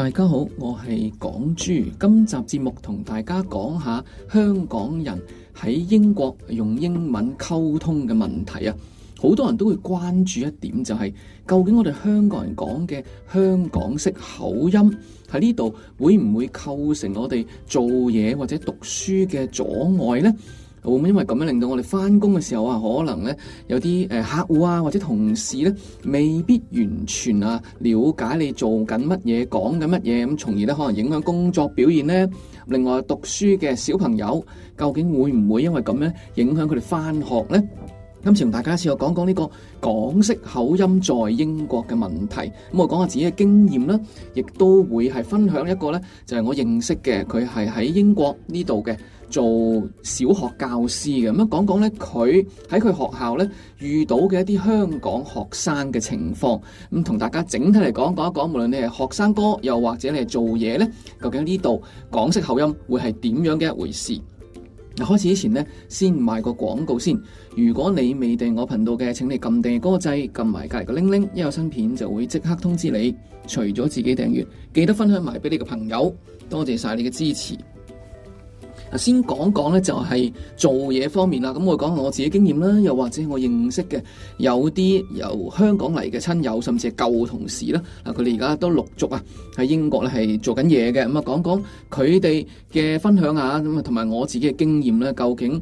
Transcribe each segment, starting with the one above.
大家好，我係港豬。今集節目同大家講下香港人喺英國用英文溝通嘅問題啊！好多人都會關注一點，就是，就係究竟我哋香港人講嘅香港式口音喺呢度會唔會構成我哋做嘢或者讀書嘅阻礙呢？咁因為咁樣令到我哋翻工嘅時候啊，可能咧有啲誒客戶啊或者同事咧未必完全啊了解你做緊乜嘢講緊乜嘢，咁從而咧可能影響工作表現咧。另外讀書嘅小朋友究竟會唔會因為咁樣影響佢哋翻學咧？今次同大家一齊講講呢個港式口音在英國嘅問題，咁我講下自己嘅經驗啦，亦都會係分享一個咧，就係我認識嘅佢係喺英國呢度嘅做小學教師嘅，咁樣講講呢，佢喺佢學校呢遇到嘅一啲香港學生嘅情況，咁、嗯、同大家整體嚟講講一講，無論你係學生哥，又或者你係做嘢呢，究竟呢度港式口音會係點樣嘅一回事？嗱、啊，開始之前呢，先賣個廣告先。如果你未訂我頻道嘅，請你撳訂個掣，撳埋隔離個鈴鈴，一有新片就會即刻通知你。除咗自己訂閱，記得分享埋俾你嘅朋友，多謝晒你嘅支持。先講講咧就係做嘢方面啦，咁我講下我自己經驗啦，又或者我認識嘅有啲由香港嚟嘅親友，甚至係舊同事啦，啊佢哋而家都陸續啊喺英國咧係做緊嘢嘅，咁啊講講佢哋嘅分享啊，咁啊同埋我自己嘅經驗咧，究竟，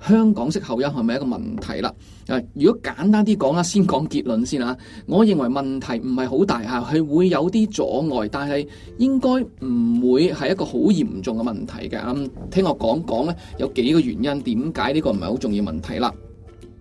香港式口音係咪一個問題啦？誒，如果簡單啲講啦，先講結論先嚇、啊。我認為問題唔係好大嚇，係會有啲阻礙，但係應該唔會係一個好嚴重嘅問題嘅。咁、嗯、聽我講講咧，有幾個原因點解呢個唔係好重要問題啦？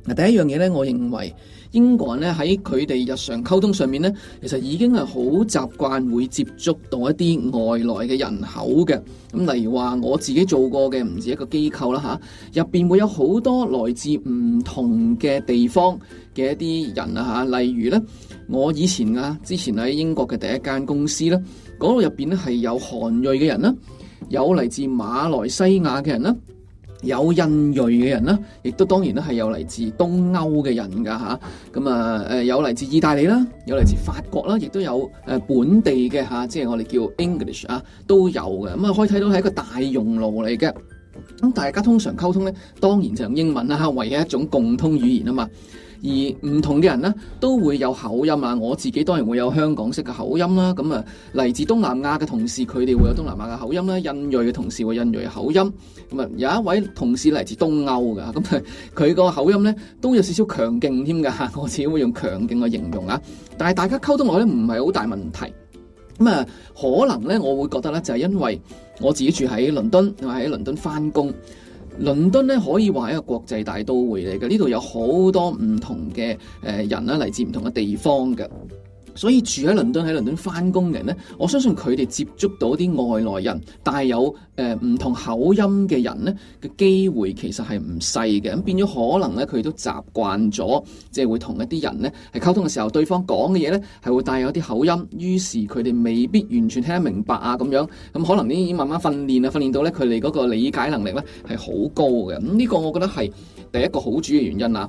嗱，第一樣嘢咧，我認為。英國人咧，喺佢哋日常溝通上面咧，其實已經係好習慣會接觸到一啲外來嘅人口嘅。咁例如話，我自己做過嘅唔止一個機構啦嚇，入邊會有好多來自唔同嘅地方嘅一啲人啊嚇。例如咧，我以前啊，之前喺英國嘅第一間公司咧，嗰度入邊咧係有韓裔嘅人啦，有嚟自馬來西亞嘅人啦。有印裔嘅人啦，亦都當然咧係有嚟自東歐嘅人噶嚇，咁啊誒、嗯、有嚟自意大利啦，有嚟自法國啦，亦都有誒本地嘅嚇、啊，即係我哋叫 English 啊都有嘅，咁、嗯、啊可以睇到係一個大熔爐嚟嘅，咁、嗯、大家通常溝通咧，當然就用英文啦，唯、啊、一，一種共通語言啊嘛。嗯而唔同嘅人呢，都會有口音啊！我自己當然會有香港式嘅口音啦。咁、嗯、啊，嚟自東南亞嘅同事，佢哋會有東南亞嘅口音啦。印裔嘅同事會印裔口音。咁、嗯、啊，有一位同事嚟自東歐嘅，咁佢佢個口音呢，都有少少強勁添㗎。我自己會用強勁嘅形容啊。但係大家溝通落呢，唔係好大問題。咁、嗯、啊，可能呢，我會覺得呢，就係、是、因為我自己住喺倫敦，同埋喺倫敦翻工。倫敦可以話係一個國際大都會嚟嘅，呢度有好多唔同嘅人啦，嚟自唔同嘅地方嘅。所以住喺倫敦喺倫敦返工嘅人呢，我相信佢哋接觸到啲外來人帶有誒、呃、唔同口音嘅人呢，嘅機會其實係唔細嘅，咁變咗可能呢，佢都習慣咗，即係會同一啲人呢，係溝通嘅時候，對方講嘅嘢呢，係會帶有啲口音，於是佢哋未必完全聽得明白啊咁樣，咁可能已經慢慢訓練啊，訓練到呢，佢哋嗰個理解能力呢，係好高嘅，咁呢個我覺得係第一個好主要原因啦。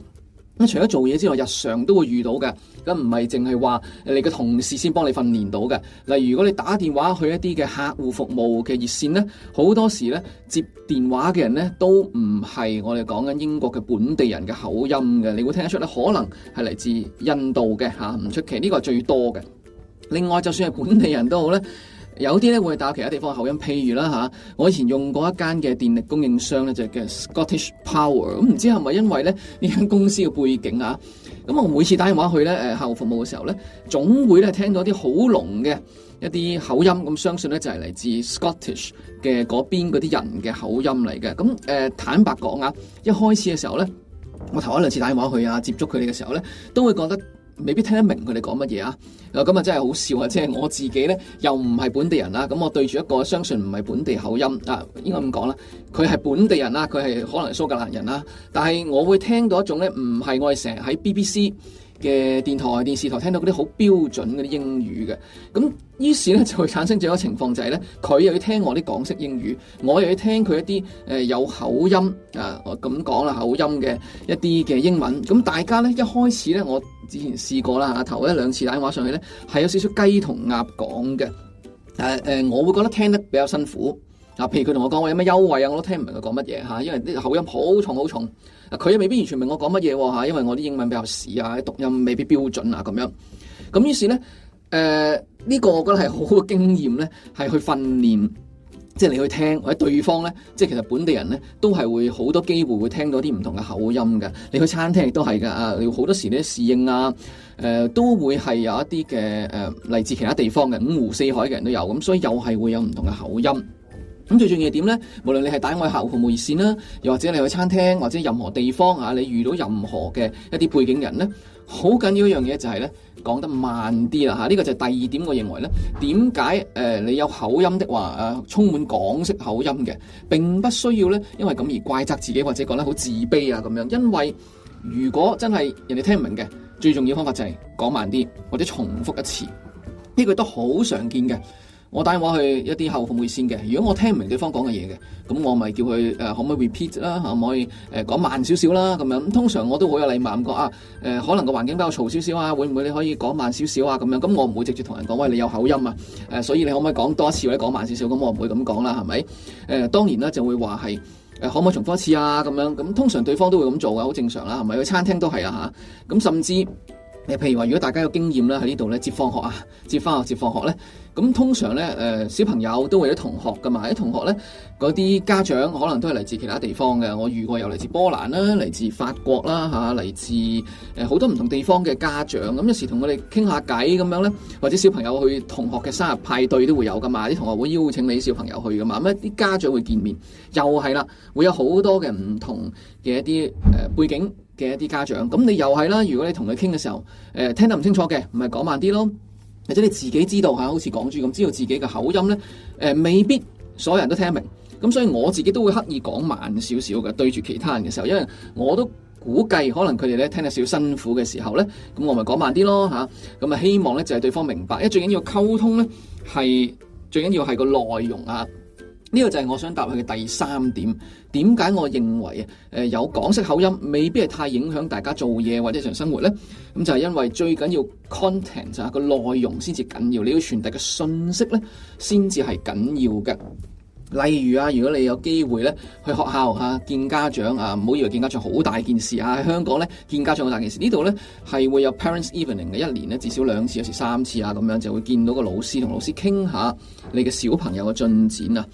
除咗做嘢之外，日常都會遇到嘅，咁唔係淨係話你嘅同事先幫你訓練到嘅。例如，如果你打電話去一啲嘅客戶服務嘅熱線呢，好多時咧接電話嘅人呢都唔係我哋講緊英國嘅本地人嘅口音嘅，你會聽得出咧，可能係嚟自印度嘅嚇，唔出奇。呢個係最多嘅。另外，就算係本地人都好呢。有啲咧會打其他地方嘅口音，譬如啦嚇，我以前用過一間嘅電力供應商咧，就叫 Scottish Power，咁唔知係咪因為咧呢間公司嘅背景啊？咁我每次打電話去咧誒客戶服務嘅時候咧，總會咧聽到啲好濃嘅一啲口音，咁相信咧就係嚟自 Scottish 嘅嗰邊嗰啲人嘅口音嚟嘅。咁誒坦白講啊，一開始嘅時候咧，我頭一兩次打電話去啊，接觸佢哋嘅時候咧，都會覺得，未必聽得明佢哋講乜嘢啊！咁啊真係好笑啊！即係我自己呢，又唔係本地人啦，咁我對住一個相信唔係本地口音啊，應該咁講啦，佢係本地人啦，佢係可能蘇格蘭人啦，但係我會聽到一種呢，唔係我哋成日喺 BBC 嘅電台電視台聽到嗰啲好標準嗰啲英語嘅，咁於是咧就會產生咗一個情況就係咧，佢又要聽我啲港式英語，我又要聽佢一啲誒、呃、有口音啊，我咁講啦，口音嘅一啲嘅英文，咁大家咧一開始咧，我之前試過啦嚇，頭、啊、一兩次打電話上去咧，係有少少雞同鴨講嘅，誒、啊、誒、呃，我會覺得聽得比較辛苦。嗱，譬如佢同我講我有咩優惠啊，我都聽唔明佢講乜嘢嚇，因為啲口音好重好重。佢又未必完全明我講乜嘢喎嚇，因為我啲英文比較屎啊，啲讀音未必標準啊咁樣。咁於是呢，誒呢個我覺得係好好嘅經驗呢，係去訓練，即係你去聽或者對方呢，即係其實本地人呢，都係會好多機會會聽到啲唔同嘅口音嘅。你去餐廳亦都係噶啊，好多時啲侍應啊，誒都會係有一啲嘅誒嚟自其他地方嘅五湖四海嘅人都有，咁所以又係會有唔同嘅口音。咁最重要係點呢？無論你係打開客戶服務熱線啦，又或者你去餐廳或者任何地方嚇，你遇到任何嘅一啲背景人呢，好緊要一樣嘢就係呢：講得慢啲啦嚇。呢、這個就係第二點，我認為呢點解誒你有口音的話誒、啊，充滿港式口音嘅，並不需要呢，因為咁而怪責自己或者覺得好自卑啊咁樣。因為如果真係人哋聽唔明嘅，最重要方法就係講慢啲或者重複一次，呢個都好常見嘅。我打電話去一啲客服會先嘅，如果我聽唔明對方講嘅嘢嘅，咁我咪叫佢誒可唔可以 repeat 啦、啊，可唔可以誒講慢少少啦咁樣。通常我都好有禮貌，唔講啊誒、呃，可能個環境比較嘈少少啊，會唔會你可以講慢少少啊咁樣？咁我唔會直接同人講喂，你有口音啊誒，所以你可唔可以講多次或者講慢少少？咁我唔會咁講啦，係咪？誒、啊、當然啦，就會話係誒可唔可以重複一次啊咁樣？咁通常對方都會咁做嘅，好正常啦，係咪？去餐廳都係啊嚇，咁甚至。譬如話，如果大家有經驗咧，喺呢度咧接放學啊、接翻學、接放學咧，咁通常咧，誒、呃、小朋友都會有同學噶嘛，啲同學咧嗰啲家長可能都係嚟自其他地方嘅。我遇過有嚟自波蘭啦、嚟自法國啦嚇、嚟、啊、自誒好、呃、多唔同地方嘅家長。咁、嗯、有時同佢哋傾下偈咁樣咧，或者小朋友去同學嘅生日派對都會有噶嘛，啲同學會邀請你小朋友去噶嘛。咁一啲家長會見面，又係啦，會有好多嘅唔同嘅一啲。呃背景嘅一啲家長，咁你又係啦。如果你同佢傾嘅時候，誒、呃、聽得唔清楚嘅，咪講慢啲咯。或者你自己知道嚇，好似講住咁，知道自己嘅口音呢，誒、呃、未必所有人都聽得明。咁所以我自己都會刻意講慢少少嘅，對住其他人嘅時候，因為我都估計可能佢哋呢聽得少辛苦嘅時候呢，咁我咪講慢啲咯嚇。咁啊，希望呢，就係、是、對方明白，因為最緊要溝通呢，係最緊要係個內容啊。呢個就係我想答佢嘅第三點。點解我認為啊、呃，有港式口音未必係太影響大家做嘢或者日常生活呢？咁就係因為最緊要 content 就係個內容先至緊要，你要傳遞嘅信息呢先至係緊要嘅。例如啊，如果你有機會呢去學校啊見家長啊，唔好以為見家長好大件事啊。喺香港呢見家長好大件事，啊、呢度呢係會有 parents evening 嘅，一年呢，至少兩次，有時三次啊，咁樣就會見到個老師同老師傾下你嘅小朋友嘅進展啊。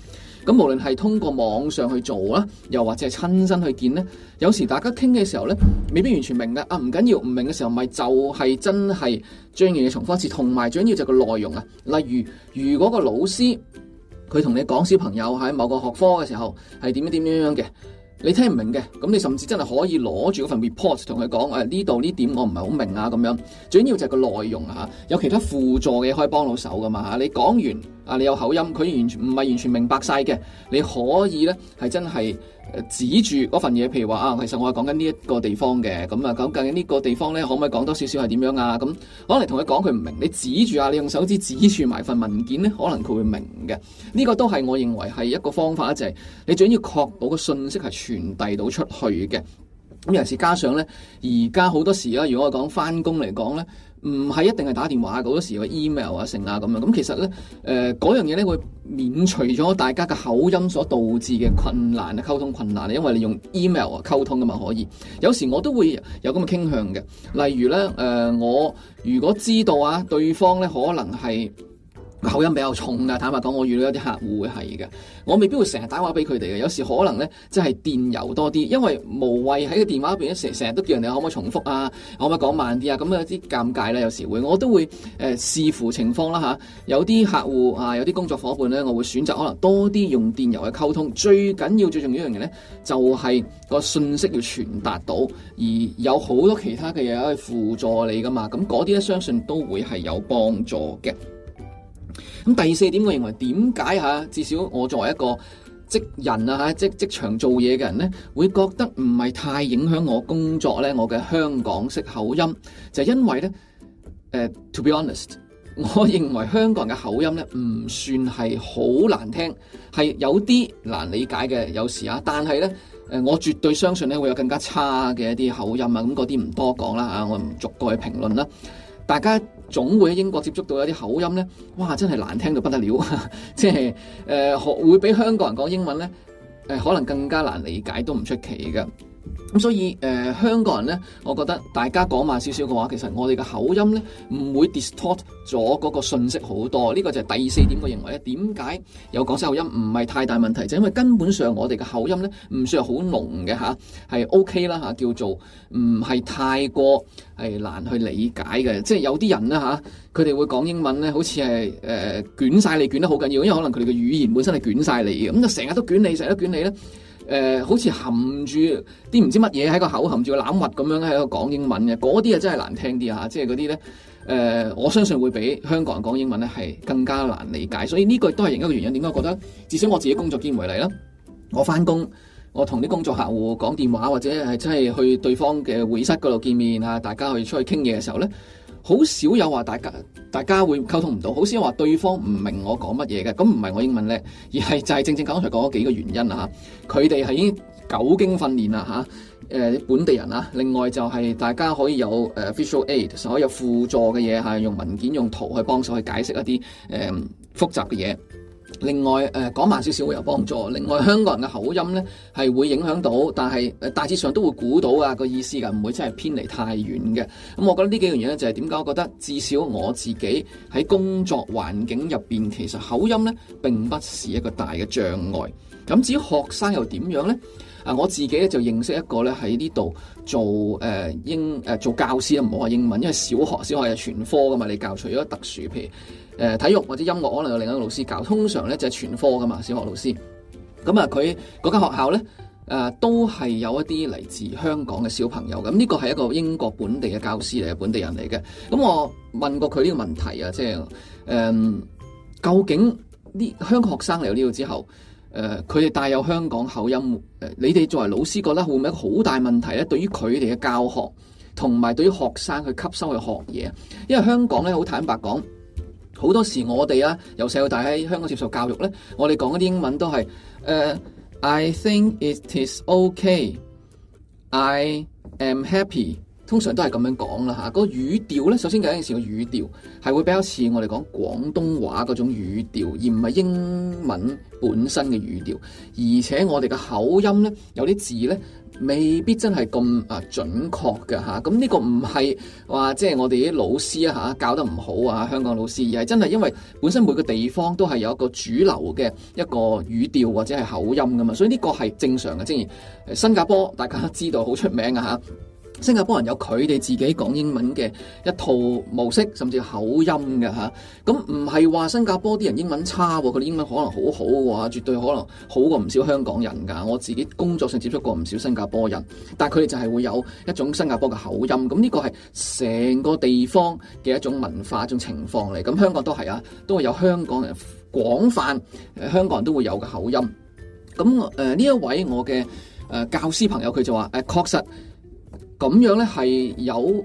咁無論係通過網上去做啦，又或者係親身去見呢，有時大家傾嘅時候呢，未必完全明㗎。啊，唔緊要，唔明嘅時候咪就係、是、真係將嘢要重複一次，同埋最緊要就個內容啊。例如，如果個老師佢同你講小朋友喺某個學科嘅時候係點樣點樣樣嘅。你聽唔明嘅，咁你甚至真係可以攞住嗰份 report 同佢講，誒呢度呢點我唔係好明啊，咁樣，主要就係個內容吓、啊，有其他輔助嘅可以幫到手噶嘛，你講完啊，你有口音，佢完全唔係完全明白晒嘅，你可以呢，係真係。指住嗰份嘢，譬如話啊，其實我係講緊呢一個地方嘅，咁啊，咁究竟呢個地方呢，可唔可以講多少少係點樣啊？咁可能同佢講佢唔明，你指住啊，你用手指指住埋份文件呢，可能佢會明嘅。呢個都係我認為係一個方法，就係你最緊要確保個信息係傳遞到出去嘅。咁尤其是加上呢，而家好多時啦，如果我講翻工嚟講呢。唔係一定係打電話，好多時個 email 啊、成啊咁樣。咁其實呢，誒、呃、嗰樣嘢咧會免除咗大家嘅口音所導致嘅困難啊、溝通困難，因為你用 email 啊溝通嘅嘛，可以。有時我都會有咁嘅傾向嘅，例如呢，誒、呃、我如果知道啊，對方呢可能係，口音比較重嘅，坦白講，我遇到一啲客戶會係嘅。我未必會成日打電話俾佢哋嘅，有時可能呢，即係電郵多啲，因為無謂喺個電話入邊，成日都叫人哋可唔可以重複啊，可唔可以講慢啲啊，咁有啲尷尬咧，有時會，我都會誒、呃、視乎情況啦嚇。有啲客戶啊，有啲、啊、工作夥伴呢，我會選擇可能多啲用電郵去溝通。最緊要、最重要一樣嘢呢，就係、是、個信息要傳達到，而有好多其他嘅嘢可以輔助你噶嘛。咁嗰啲咧，相信都會係有幫助嘅。咁第四點，我認為點解吓？至少我作為一個職人啊，吓職職場做嘢嘅人呢，會覺得唔係太影響我工作呢。我嘅香港式口音就係因為呢，誒，uh，to be honest，我認為香港人嘅口音呢，唔算係好難聽，係有啲難理解嘅有時啊。但係呢，誒，我絕對相信呢會有更加差嘅一啲口音啊。咁嗰啲唔多講啦啊，我唔逐個去評論啦，大家。總會喺英國接觸到有啲口音咧，哇！真係難聽到不得了， 即係誒學會俾香港人講英文咧，誒、呃、可能更加難理解都唔出奇㗎。咁所以誒、呃，香港人呢，我覺得大家講慢少少嘅話，其實我哋嘅口音呢唔會 distort 咗嗰個信息好多。呢、這個就係第四點，我認為咧，點解有港式口音唔係太大問題，就是、因為根本上我哋嘅口音呢唔算係好濃嘅嚇，係、啊、OK 啦嚇、啊，叫做唔係太過係難去理解嘅。即係有啲人呢，嚇、啊，佢哋會講英文呢好似係誒捲晒你，捲得好緊要，因為可能佢哋嘅語言本身係捲晒你嘅，咁就成日都捲你，成日都捲你呢。誒、呃，好似含住啲唔知乜嘢喺個口含住個欖核咁樣喺度講英文嘅，嗰啲啊真係難聽啲嚇、啊，即係嗰啲呢，誒、啊，我相信會比香港人講英文呢係更加難理解，所以呢個都係另一個原因。點解我覺得至少我自己工作間為例啦，我翻工，我同啲工作客戶講電話或者係真係去對方嘅會議室嗰度見面啊，大家去出去傾嘢嘅時候呢。好少有話大家大家會溝通唔到，好少有話對方唔明我講乜嘢嘅。咁唔係我英文叻，而係就係正正剛才講才頭講嗰幾個原因啊！佢哋係已經久經訓練啦嚇，誒、呃、本地人啊。另外就係大家可以有誒 f、呃、visual aid，所有輔助嘅嘢吓，用文件、用圖去幫手去解釋一啲誒、呃、複雜嘅嘢。另外誒、呃、講慢少少會有幫助，另外香港人嘅口音呢係會影響到，但係誒、呃、大致上都會估到啊、個意思㗎，唔會真係偏離太遠嘅。咁我覺得呢幾樣嘢呢，就係點解？我覺得，、就係、我覺得至少我自己喺工作環境入邊，其實口音呢並不是一個大嘅障礙。咁、嗯、至於學生又點樣呢？啊，我自己咧就認識一個呢喺呢度做誒、呃、英誒、呃、做教師啊，唔好話英文，因為小學小學係全科㗎嘛，你教除咗特殊譬如。誒體育或者音樂可能有另一個老師教，通常咧就係、是、全科㗎嘛，小學老師。咁、嗯、啊，佢嗰間學校咧，誒、呃、都係有一啲嚟自香港嘅小朋友咁，呢、嗯這個係一個英國本地嘅教師嚟嘅，本地人嚟嘅。咁、嗯、我問過佢呢個問題啊，即係誒、嗯，究竟呢香港學生嚟到呢度之後，誒佢哋帶有香港口音，誒、呃、你哋作為老師覺得會唔會一個好大問題咧？對於佢哋嘅教學同埋對於學生去吸收去學嘢，因為香港咧好坦白講。好多時我哋啊，由細到大喺香港接受教育咧，我哋講一啲英文都係，誒，uh，I think it is okay，I am happy。通常都係咁樣講啦嚇，啊，嗰個語調咧，首先第一件事個語調係會比較似我哋講廣東話嗰種語調，而唔係英文本身嘅語調，而且我哋嘅口音咧，有啲字咧，未必真係咁啊準確㗎吓。咁、這、呢個唔係話即係我哋啲老師啊嚇教得唔好啊香港老師，而係真係因為本身每個地方都係有一個主流嘅一個語調或者係口音噶嘛，所以呢個係正常嘅。即係新加坡大家都知道好出名㗎吓。新加坡人有佢哋自己講英文嘅一套模式，甚至口音嘅吓，咁唔係話新加坡啲人英文差，佢、啊、哋英文可能好好嘅、啊，絕對可能好過唔少香港人噶。我自己工作上接觸過唔少新加坡人，但係佢哋就係會有一種新加坡嘅口音。咁、啊、呢、這個係成個地方嘅一種文化、一種情況嚟。咁、啊、香港都係啊，都會有香港人廣泛、啊，香港人都會有嘅口音。咁誒呢一位我嘅誒、啊、教師朋友佢就話誒、啊、確實。咁樣呢係有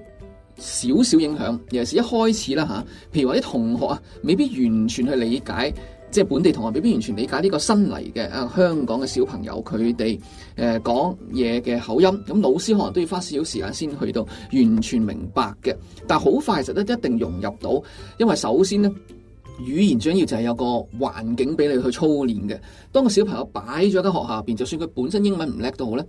少少影響，尤其是一開始啦吓、啊，譬如話啲同學啊，未必完全去理解，即係本地同學未必完全理解呢個新嚟嘅啊香港嘅小朋友佢哋誒講嘢嘅口音，咁老師可能都要花少少時間先去到完全明白嘅，但好快就質一定融入到，因為首先呢，語言最緊要就係有個環境俾你去操練嘅，當個小朋友擺咗間學校入邊，就算佢本身英文唔叻都好呢。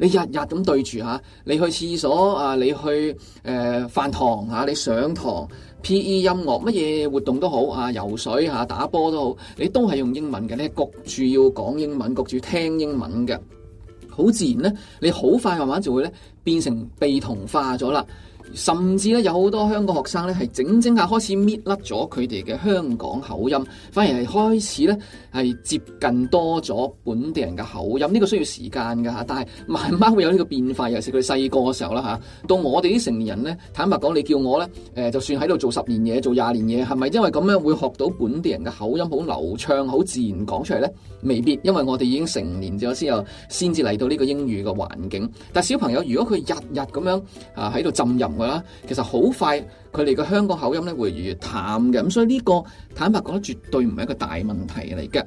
你日日咁對住嚇，你去廁所啊，你去誒、呃、飯堂嚇，你上堂 P.E. 音樂乜嘢活動都好啊，游水嚇、打波都好，你都係用英文嘅咧，焗住要講英文，焗住聽英文嘅，好自然呢，你好快慢慢就會咧變成被同化咗啦。甚至咧有好多香港學生咧係整整下開始搣甩咗佢哋嘅香港口音，反而係開始咧係接近多咗本地人嘅口音。呢個需要時間㗎嚇，但係慢慢會有呢個變化。尤其是佢細個嘅時候啦嚇、啊，到我哋啲成年人咧，坦白講，你叫我咧誒、呃，就算喺度做十年嘢、做廿年嘢，係咪因為咁樣會學到本地人嘅口音好流暢、好自然講出嚟咧？未必，因為我哋已經成年咗先有，先至嚟到呢個英語嘅環境。但小朋友如果佢日日咁樣啊喺度浸淫，其實好快佢哋嘅香港口音咧會越嚟越淡嘅，咁所以呢個坦白講咧，絕對唔係一個大問題嚟嘅。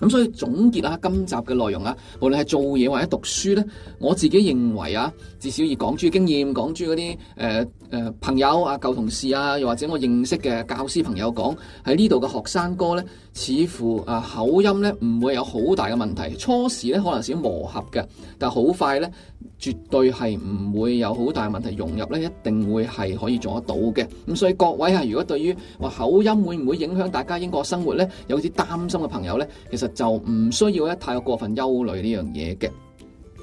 咁所以總結下啊，今集嘅內容啊，無論係做嘢或者讀書咧，我自己認為啊，至少以講出經驗講出嗰啲誒誒朋友啊、舊同事啊，又或者我認識嘅教師朋友講喺呢度嘅學生哥咧，似乎啊口音咧唔會有好大嘅問題，初時咧可能少磨合嘅，但好快咧，絕對係唔會有好大問題融入咧，一定會係可以做得到嘅。咁所以各位啊，如果對於話口音會唔會影響大家英國生活咧，有啲擔心嘅朋友咧，其實～就唔需要一太過分憂慮呢樣嘢嘅，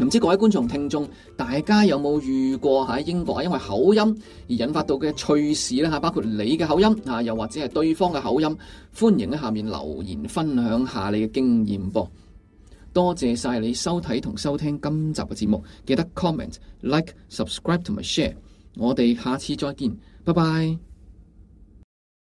唔知各位觀眾聽眾，大家有冇遇過喺英國因為口音而引發到嘅趣事呢？吓，包括你嘅口音啊，又或者係對方嘅口音，歡迎喺下面留言分享下你嘅經驗噃。多謝晒你收睇同收聽今集嘅節目，記得 comment、like、subscribe 同埋 share。我哋下次再見，拜拜。